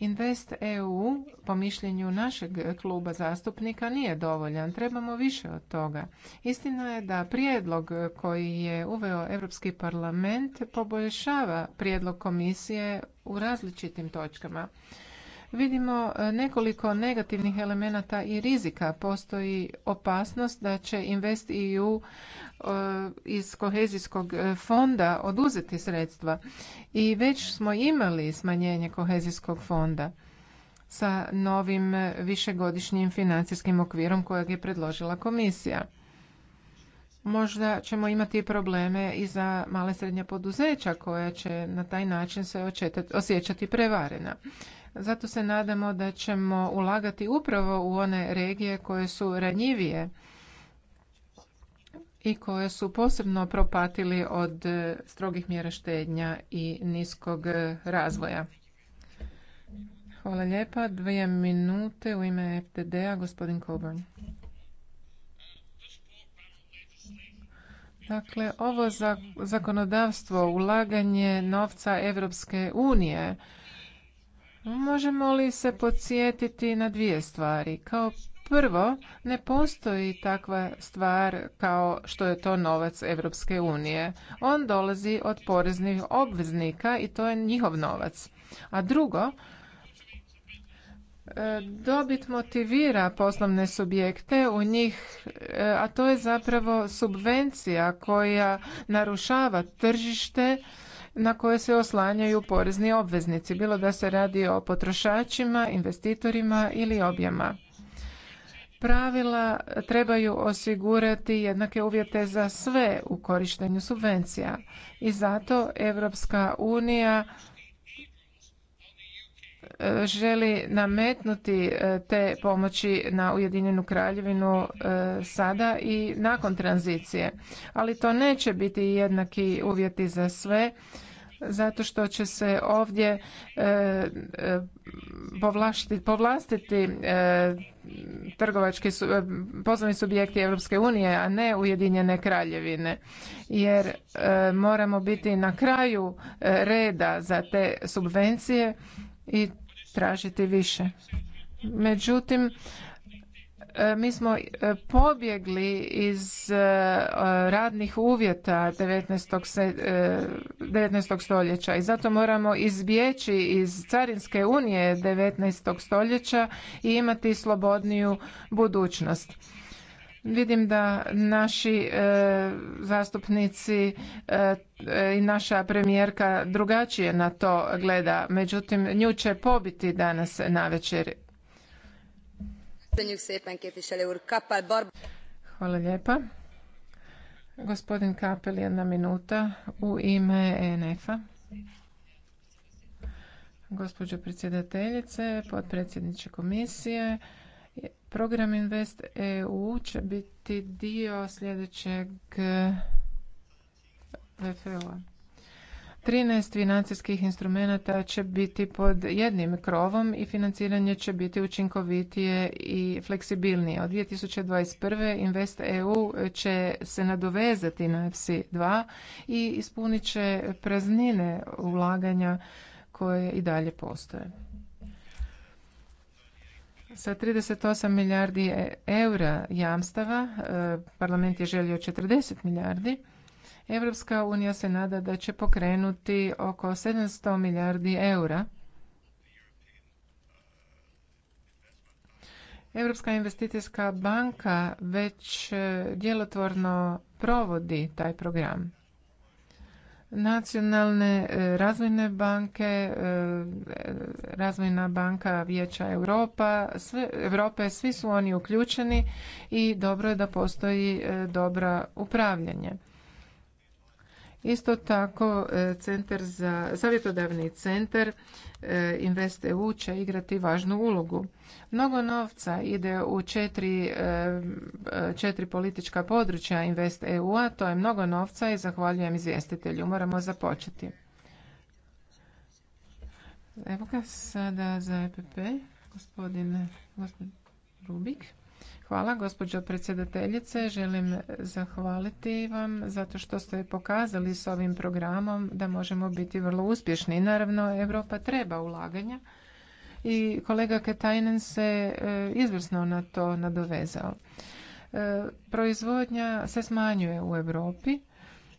Invest EU, po mišljenju našeg kluba zastupnika, nije dovoljan. Trebamo više od toga. Istina je da prijedlog koji je uveo Europski parlament poboljšava prijedlog komisije u različitim točkama vidimo e, nekoliko negativnih elemenata i rizika. Postoji opasnost da će InvestEU e, iz kohezijskog e, fonda oduzeti sredstva i već smo imali smanjenje kohezijskog fonda sa novim višegodišnjim financijskim okvirom kojeg je predložila komisija. Možda ćemo imati probleme i za male srednja poduzeća koja će na taj način se osjećati prevarena. Zato se nadamo da ćemo ulagati upravo u one regije koje su ranjivije i koje su posebno propatili od e, strogih mjera štednja i niskog e, razvoja. Hvala lijepa. Dvije minute u ime ftd gospodin Coburn. Dakle, ovo zakonodavstvo, ulaganje novca Evropske unije, Možemo li se podsjetiti na dvije stvari? Kao prvo, ne postoji takva stvar kao što je to novac Europske unije. On dolazi od poreznih obveznika i to je njihov novac. A drugo, e, dobit motivira poslovne subjekte u njih, e, a to je zapravo subvencija koja narušava tržište na koje se oslanjaju porezni obveznici, bilo da se radi o potrošačima, investitorima ili objema. Pravila trebaju osigurati jednake uvjete za sve u korištenju subvencija i zato Europska unija želi nametnuti e, te pomoći na Ujedinjenu kraljevinu e, sada i nakon tranzicije. Ali to neće biti jednaki uvjeti za sve zato što će se ovdje e, povlastiti trgovački poslovni subjekti Europske unije, a ne Ujedinjene kraljevine. Jer moramo biti na kraju reda za te subvencije i tražiti više. Međutim, e, mi smo e, pobjegli iz e, radnih uvjeta 19. 19. stoljeća i zato moramo izbjeći iz carinske unije 19. stoljeća i imati slobodniju budućnost. Vidim da naši e, zastupnici e, i naša premijerka drugačije na to gleda, međutim nju će pobiti danas navečer. Hvala lijepa. Gospodin Kapel, jedna minuta u ime ENF-a. Gospođo predsjedateljice, potpredsjedniče komisije, Program Invest EU će biti dio sljedećeg VFO-a. Eh, 13 financijskih instrumenata će biti pod jednim krovom i financiranje će biti učinkovitije i fleksibilnije. Od 2021. Invest EU će se nadovezati na FC2 i ispunit će praznine ulaganja koje i dalje postoje. Sa 38 milijardi e, eura jamstava e, parlament je želio 40 milijardi. Europska unija se nada da će pokrenuti oko 700 milijardi eura. Europska investicijska banka već e, djelotvorno provodi taj program nacionalne e, razvojne banke, e, razvojna banka Vijeća Europa, sve, Europe, svi su oni uključeni i dobro je da postoji e, dobra upravljanje. Isto tako, e, centar za, savjetodavni centar e, InvestEU će igrati važnu ulogu. Mnogo novca ide u četiri, e, četiri politička područja InvestEU-a, to je mnogo novca i zahvaljujem izvjestitelju. Moramo započeti. Evo ga sada za EPP, gospodin, gospodin Rubik. Hvala gospođo predsjedateljice. Želim zahvaliti vam zato što ste pokazali s ovim programom da možemo biti vrlo uspješni. Naravno, Europa treba ulaganja i kolega Ketainen se e, izvrsno na to nadovezao. E, proizvodnja se smanjuje u Europi.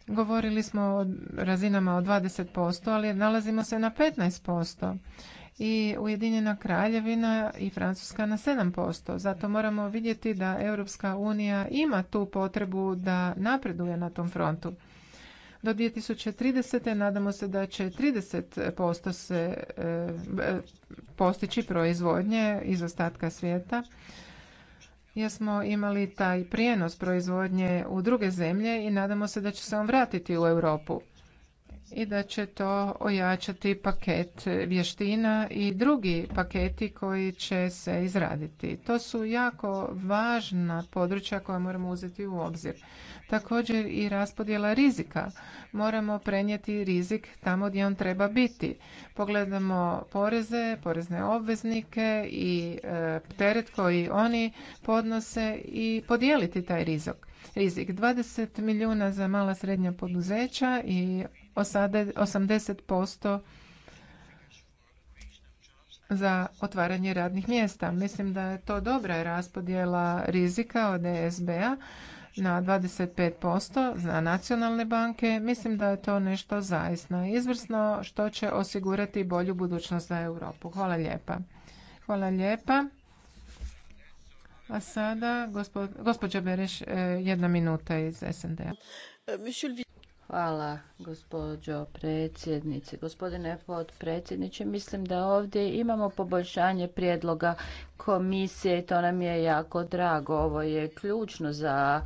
Govorili smo o razinama od 20%, ali nalazimo se na 15% i Ujedinjena kraljevina i Francuska na 7%. Zato moramo vidjeti da Europska unija ima tu potrebu da napreduje na tom frontu. Do 2030. nadamo se da će 30% se e, postići proizvodnje iz ostatka svijeta jer smo imali taj prijenos proizvodnje u druge zemlje i nadamo se da će se on vratiti u Europu i da će to ojačati paket vještina i drugi paketi koji će se izraditi. To su jako važna područja koja moramo uzeti u obzir. Također i raspodjela rizika. Moramo prenijeti rizik tamo gdje on treba biti. Pogledamo poreze, porezne obveznike i e, teret koji oni podnose i podijeliti taj rizik rizik. 20 milijuna za mala srednja poduzeća i 80% za otvaranje radnih mjesta. Mislim da je to dobra raspodjela rizika od ESB-a na 25% za nacionalne banke. Mislim da je to nešto zaista izvrsno što će osigurati bolju budućnost za Europu. Hvala lijepa. Hvala lijepa. A sada gospođa Bereš, eh, jedna minuta iz SND-a. Hvala gospođo predsjednice. Gospodine potpredsjedniče, mislim da ovdje imamo poboljšanje prijedloga komisije i to nam je jako drago. Ovo je ključno za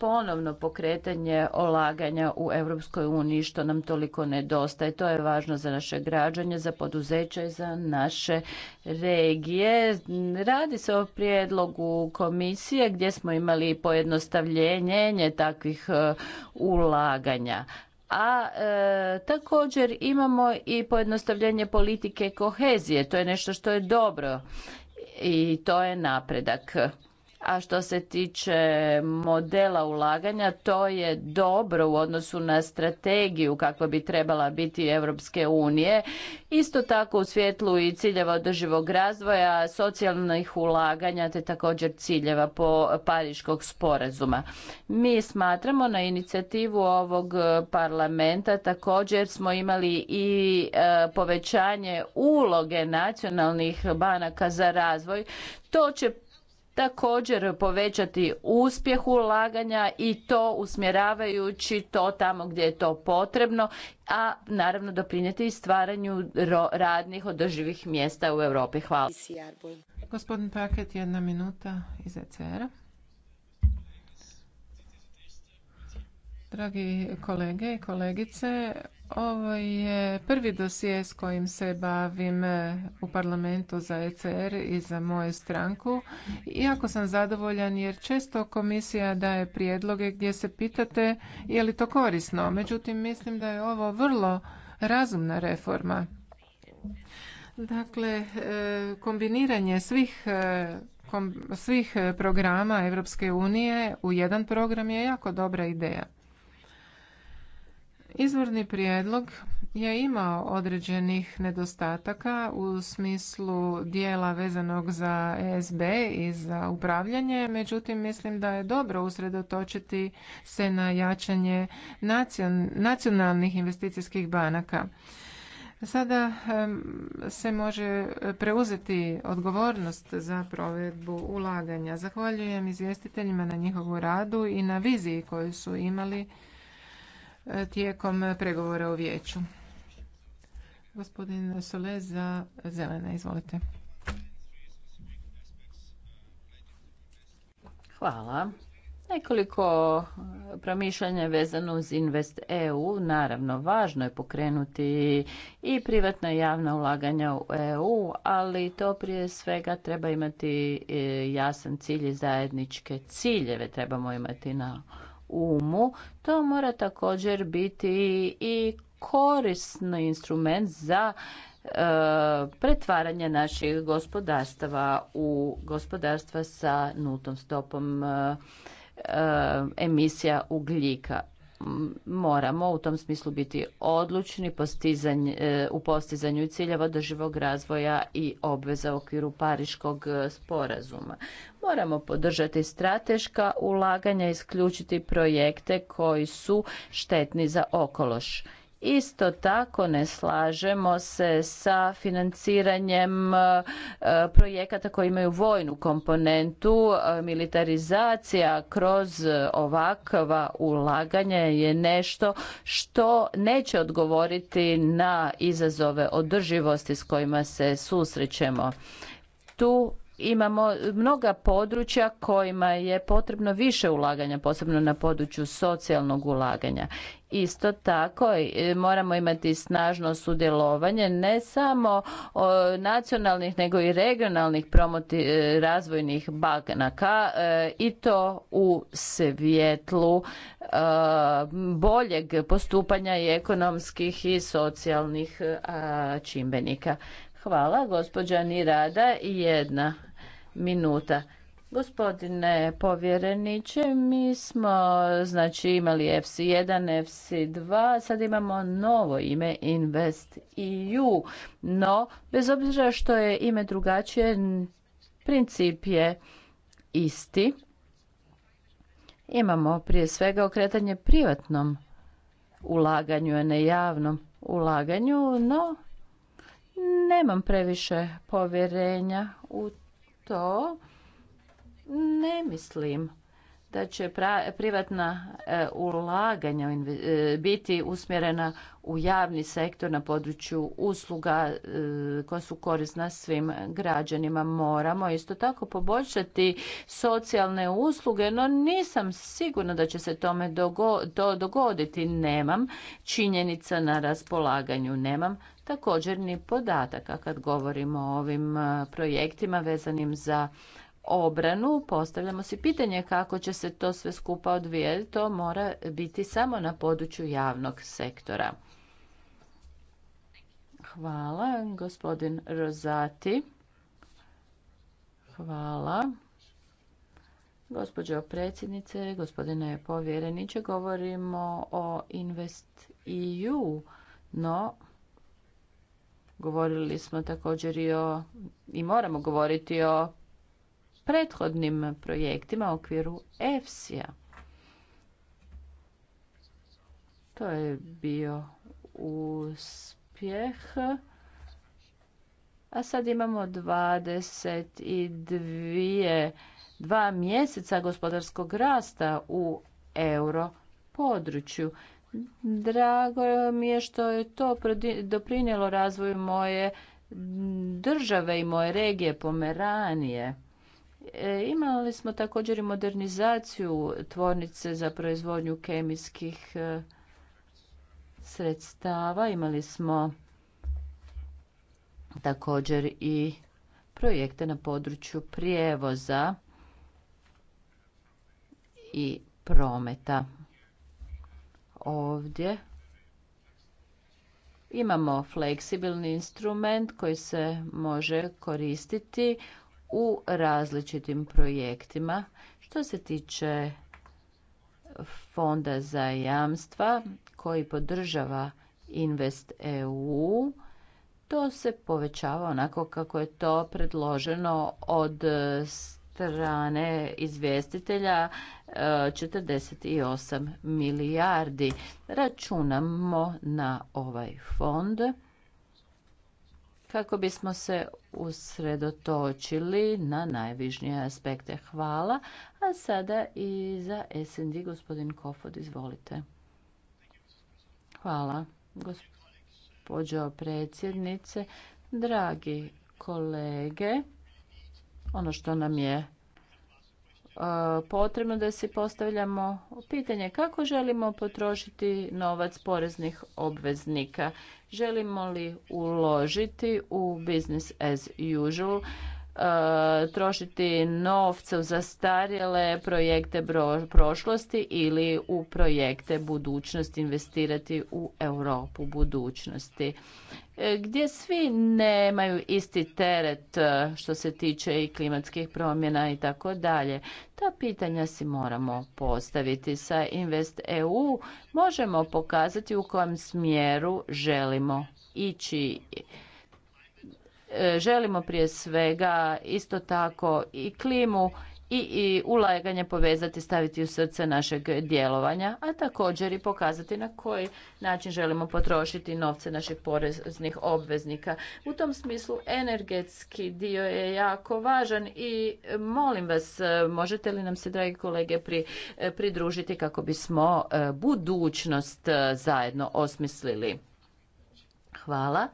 ponovno pokretanje olaganja u Europskoj uniji što nam toliko nedostaje. To je važno za naše građanje, za poduzeće i za naše regije. Radi se o prijedlogu komisije gdje smo imali pojednostavljenje takvih e, ulaganja a e, također imamo i pojednostavljenje politike kohezije to je nešto što je dobro i to je napredak a što se tiče modela ulaganja to je dobro u odnosu na strategiju kakva bi trebala biti Europske unije. Isto tako u svjetlu i ciljeva održivog razvoja, socijalnih ulaganja te također ciljeva po Pariškog sporazuma. Mi smatramo na inicijativu ovog parlamenta također smo imali i e, povećanje uloge nacionalnih banaka za razvoj. To će također povećati uspjeh ulaganja i to usmjeravajući to tamo gdje je to potrebno, a naravno doprinijeti i stvaranju radnih održivih mjesta u Europi. Hvala. Gospodin Paket, jedna minuta iz Dragi kolege i kolegice, ovo je prvi dosije s kojim se bavim u parlamentu za ECR i za moju stranku. Iako sam zadovoljan jer često komisija daje prijedloge gdje se pitate je li to korisno. Međutim, mislim da je ovo vrlo razumna reforma. Dakle, e, kombiniranje svih e, svih programa Europske unije u jedan program je jako dobra ideja. Izvorni prijedlog je imao određenih nedostataka u smislu dijela vezanog za ESB i za upravljanje, međutim mislim da je dobro usredotočiti se na jačanje nacionalnih investicijskih banaka. Sada se može preuzeti odgovornost za provedbu ulaganja. Zahvaljujem izvjestiteljima na njihovu radu i na viziji koju su imali tijekom pregovora u vijeću. Gospodin Sole za zelene, izvolite. Hvala. Nekoliko promišljanja vezano uz Invest EU. Naravno, važno je pokrenuti i privatna i javna ulaganja u EU, ali to prije svega treba imati e, jasan cilj i zajedničke ciljeve trebamo imati na umu, to mora također biti i korisni instrument za e, pretvaranje naših gospodarstava u gospodarstva sa nultom stopom e, e, emisija ugljika moramo u tom smislu biti odlučni postizanj, e, u postizanju ciljeva održivog razvoja i obveza u okviru Pariškog e, sporazuma. Moramo podržati strateška ulaganja, isključiti projekte koji su štetni za okološ Isto tako ne slažemo se sa financiranjem e, projekata koji imaju vojnu komponentu. E, militarizacija kroz ovakva ulaganja je nešto što neće odgovoriti na izazove održivosti s kojima se susrećemo. Tu imamo mnoga područja kojima je potrebno više ulaganja, posebno na području socijalnog ulaganja. Isto tako e, moramo imati snažno sudjelovanje ne samo nacionalnih nego i regionalnih e, razvojnih banaka e, i to u svjetlu boljeg postupanja i ekonomskih i socijalnih čimbenika. Hvala, gospođa Nirada i jedna minuta. Gospodine povjereniče, mi smo znači imali FC1, FC2, sad imamo novo ime Invest EU, no bez obzira što je ime drugačije, princip je isti. Imamo prije svega okretanje privatnom ulaganju, a ne javnom ulaganju, no nemam previše povjerenja u to ne mislim da će privatna e, ulaganja e, biti usmjerena u javni sektor na području usluga e, koja su korisna svim građanima. Moramo isto tako poboljšati socijalne usluge, no nisam sigurna da će se tome to dogoditi. Nemam činjenica na raspolaganju, nemam također ni podataka kad govorimo o ovim e, projektima vezanim za obranu. Postavljamo si pitanje kako će se to sve skupa odvijeti. To mora biti samo na području javnog sektora. Hvala, gospodin Rozati. Hvala. Gospođo predsjednice, gospodine povjereniče, govorimo o Invest no Govorili smo također i o, i moramo govoriti o prethodnim projektima u okviru EFSI-a. To je bio uspjeh. A sad imamo 22 dva mjeseca gospodarskog rasta u euro području. Drago mi je što je to doprinijelo razvoju moje države i moje regije Pomeranije. E, imali smo također i modernizaciju tvornice za proizvodnju kemijskih e, sredstava. Imali smo također i projekte na području prijevoza i prometa ovdje imamo fleksibilni instrument koji se može koristiti u različitim projektima. Što se tiče fonda za jamstva koji podržava Invest EU, to se povećava onako kako je to predloženo od strane izvjestitelja 48 e, milijardi. Računamo na ovaj fond kako bismo se usredotočili na najvižnije aspekte. Hvala. A sada i za SND gospodin Kofod, izvolite. Hvala, gospođo predsjednice. Dragi kolege, ono što nam je e, potrebno da si postavljamo pitanje kako želimo potrošiti novac poreznih obveznika. Želimo li uložiti u business as usual, E, trošiti novce u zastarjele projekte prošlosti ili u projekte budućnosti, investirati u Europu budućnosti e, gdje svi nemaju isti teret e, što se tiče i klimatskih promjena i tako dalje. Ta pitanja si moramo postaviti sa Invest EU. Možemo pokazati u kojem smjeru želimo ići E, želimo prije svega isto tako i klimu i, ulaganje povezati, staviti u srce našeg djelovanja, a također i pokazati na koji način želimo potrošiti novce naših poreznih obveznika. U tom smislu energetski dio je jako važan i molim vas, možete li nam se, dragi kolege, e, pridružiti kako bismo e, budućnost zajedno osmislili? Hvala.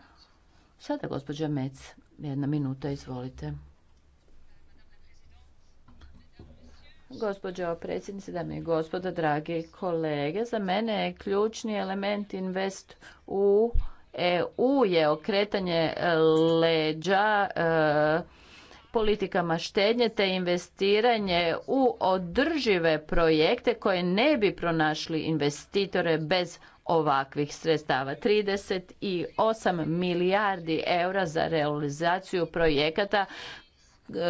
Sada gospođa Mec, jedna minuta, izvolite. Gospođo predsjednice, dame i gospoda, dragi kolege, za mene je ključni element Invest u EU je okretanje leđa e, politikama štednje te investiranje u održive projekte koje ne bi pronašli investitore bez ovakvih sredstava. 38 milijardi eura za realizaciju projekata e, e,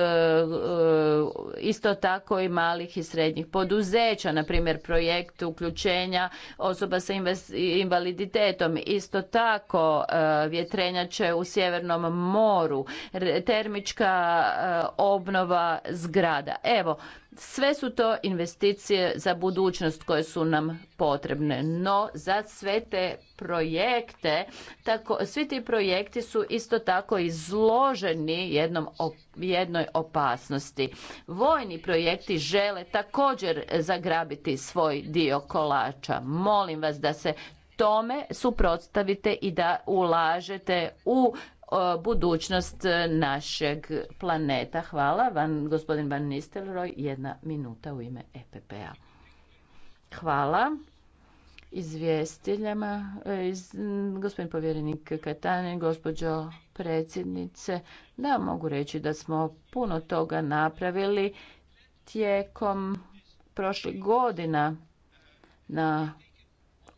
isto tako i malih i srednjih poduzeća, na primjer projekt uključenja osoba sa invaliditetom, isto tako e, vjetrenjače u Sjevernom moru, termička obnova zgrada. Evo, sve su to investicije za budućnost koje su nam potrebne, no za sve te projekte, tako, svi ti projekti su isto tako izloženi jednom, jednoj opasnosti. Vojni projekti žele također zagrabiti svoj dio kolača. Molim vas da se tome suprotstavite i da ulažete u budućnost e, našeg planeta. Hvala vam, gospodin Van Nistelroj, jedna minuta u ime EPP-a. Hvala izvjestiljama, e, gospodin povjerenik Katani, gospođo predsjednice, da mogu reći da smo puno toga napravili tijekom prošlih godina na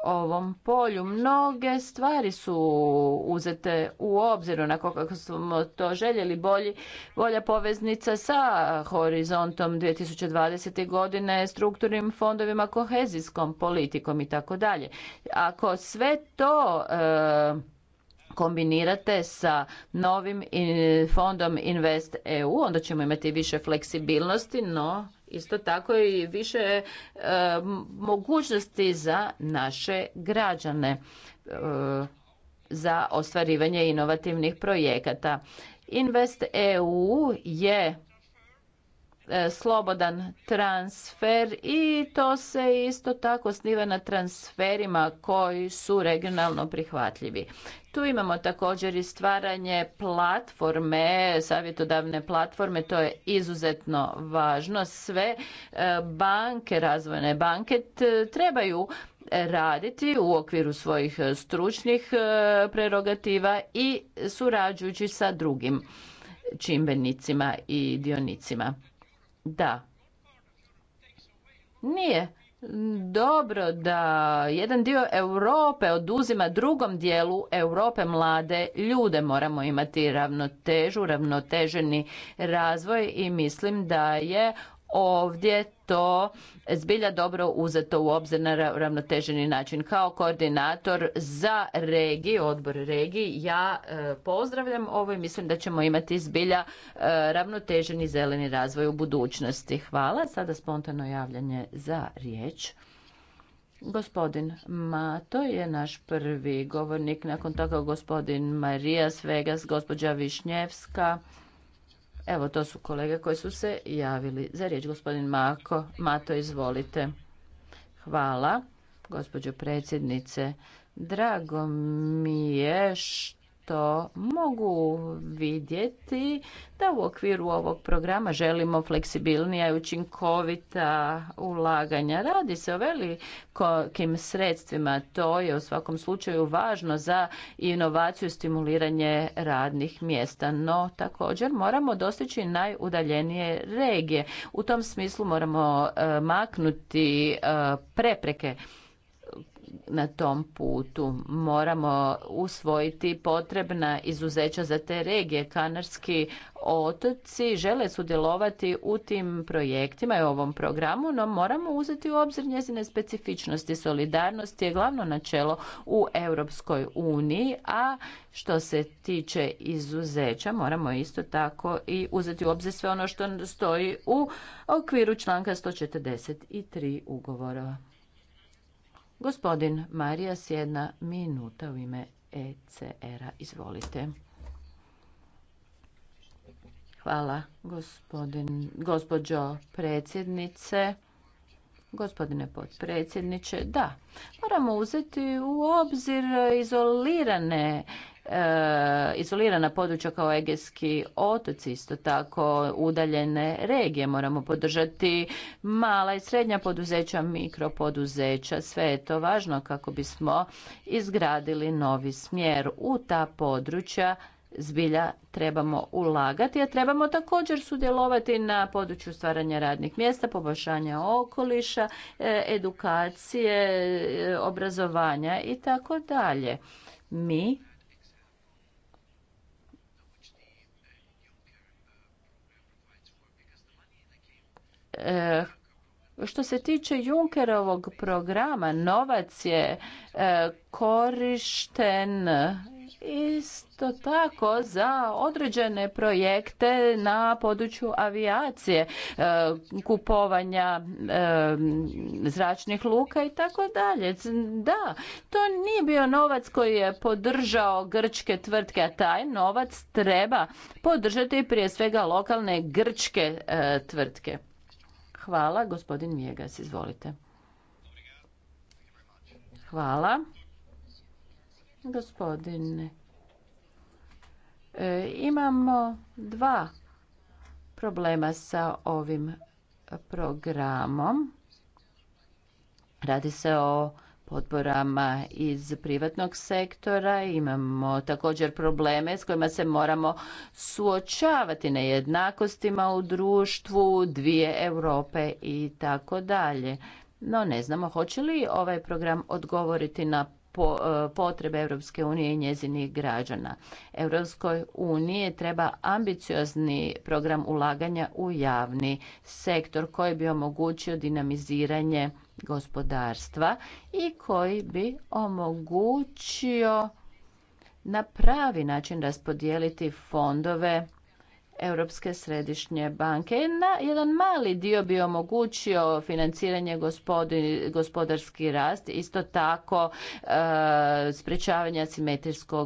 ovom polju. Mnoge stvari su uzete u obzir, na kako smo to željeli, bolji, bolja poveznica sa horizontom 2020. godine, strukturnim fondovima, kohezijskom politikom i tako dalje. Ako sve to e, kombinirate sa novim fondom Invest EU, onda ćemo imati više fleksibilnosti, no isto tako i više e, mogućnosti za naše građane e, za ostvarivanje inovativnih projekata. Invest EU je E, slobodan transfer i to se isto tako sniva na transferima koji su regionalno prihvatljivi. Tu imamo također i stvaranje platforme, savjetodavne platforme, to je izuzetno važno. Sve e, banke, razvojne banke trebaju raditi u okviru svojih stručnih e, prerogativa i surađujući sa drugim čimbenicima i dionicima da nije dobro da jedan dio Europe oduzima drugom dijelu Europe mlade ljude. Moramo imati ravnotežu, ravnoteženi razvoj i mislim da je ovdje to zbilja dobro uzeto u obzir na ravnoteženi način. Kao koordinator za regiju, odbor regiji, ja e, pozdravljam ovo i mislim da ćemo imati zbilja e, ravnoteženi zeleni razvoj u budućnosti. Hvala. Sada spontano javljanje za riječ. Gospodin Mato je naš prvi govornik, nakon toga gospodin Marija Svegas, gospođa Višnjevska. Evo, to su kolege koji su se javili za riječ. Gospodin Mako, Mato, izvolite. Hvala, gospođo predsjednice. Drago mi je što to mogu vidjeti da u okviru ovog programa želimo fleksibilnija i učinkovita ulaganja. Radi se o velikim sredstvima, to je u svakom slučaju važno za inovaciju i stimuliranje radnih mjesta, no također moramo dostići najudaljenije regije. U tom smislu moramo eh, maknuti eh, prepreke na tom putu. Moramo usvojiti potrebna izuzeća za te regije. Kanarski otoci žele sudjelovati u tim projektima i ovom programu, no moramo uzeti u obzir njezine specifičnosti. Solidarnost je glavno načelo u Europskoj uniji, a što se tiče izuzeća, moramo isto tako i uzeti u obzir sve ono što stoji u okviru članka 143 ugovora Gospodin Marija jedna minuta u ime ECR-a. Izvolite. Hvala, gospodin, gospođo predsjednice. Gospodine potpredsjedniče, da, moramo uzeti u obzir izolirane E, izolirana područja kao Egejski otoci, isto tako udaljene regije. Moramo podržati mala i srednja poduzeća, mikropoduzeća. Sve je to važno kako bismo izgradili novi smjer u ta područja zbilja trebamo ulagati, a trebamo također sudjelovati na području stvaranja radnih mjesta, poboljšanja okoliša, e, edukacije, e, obrazovanja i tako dalje. Mi E, što se tiče Junkerovog programa, novac je e, korišten isto tako za određene projekte na području avijacije, e, kupovanja zračnih luka i tako dalje. Da, to nije bio novac koji je podržao grčke tvrtke, a taj novac treba podržati prije svega lokalne grčke tvrtke. Hvala, gospodin Mijegas, izvolite. Hvala. Gospodine, e, imamo dva problema sa ovim programom. Radi se o potporama iz privatnog sektora. Imamo također probleme s kojima se moramo suočavati jednakostima u društvu, dvije Europe i tako dalje. No ne znamo hoće li ovaj program odgovoriti na e, potrebe Europske unije i njezinih građana. Europskoj uniji treba ambiciozni program ulaganja u javni sektor koji bi omogućio dinamiziranje gospodarstva i koji bi omogućio na pravi način raspodijeliti fondove Europske središnje banke. Na jedan mali dio bi omogućio financiranje gospodarski rast, isto tako e, sprječavanje asimetrijskog